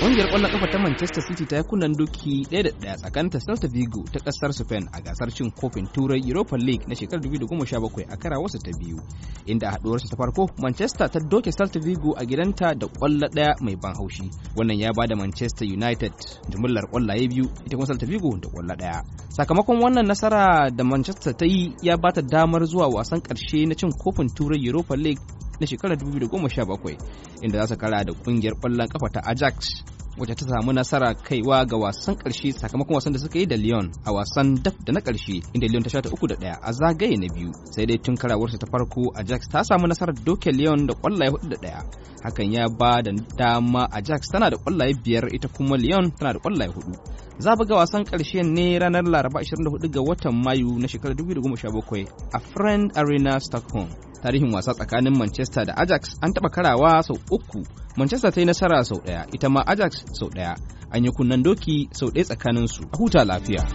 Ƙungiyar ƙwallon ƙafa ta Manchester City ta yi kunnen doki ɗaya da ɗaya tsakanta Celta Vigo ta ƙasar Spain a gasar cin kofin Turai Europa League na shekarar 2017 a kara wasu ta biyu, inda a haɗuwarsa ta farko Manchester ta doke Celta Vigo a gidanta da ƙwallo ɗaya mai ban haushi. Wannan ya ba da Manchester United jimillar ƙwallaye biyu ita kuma Celta Vigo da ƙwallo ɗaya. Sakamakon wannan nasara da Manchester ta yi ya bata damar zuwa wasan ƙarshe na cin kofin Turai Europa League na shekarar 2017 inda za su kara da kungiyar ƙwallon kafa ta Ajax wacce ta samu nasara kaiwa ga wasan ƙarshe sakamakon wasan da suka yi da Lyon a wasan daf da na ƙarshe inda Lyon ta shata uku da ɗaya a zagaye na biyu sai dai tun karawarsa ta farko Ajax ta samu nasarar doke Lyon da ƙwallaye hudu da ɗaya hakan ya ba da dama Ajax tana da ƙwallaye biyar ita kuma Lyon tana da ƙwallaye hudu za ga wasan ƙarshe ne ranar Laraba 24 ga watan Mayu na shekarar 2017 a Friend Arena Stockholm. tarihin wasa tsakanin manchester da ajax an taɓa karawa sau uku manchester ta yi nasara sau ɗaya ita ma ajax sau ɗaya an yi kunnen doki sau ɗaya tsakaninsu a huta lafiya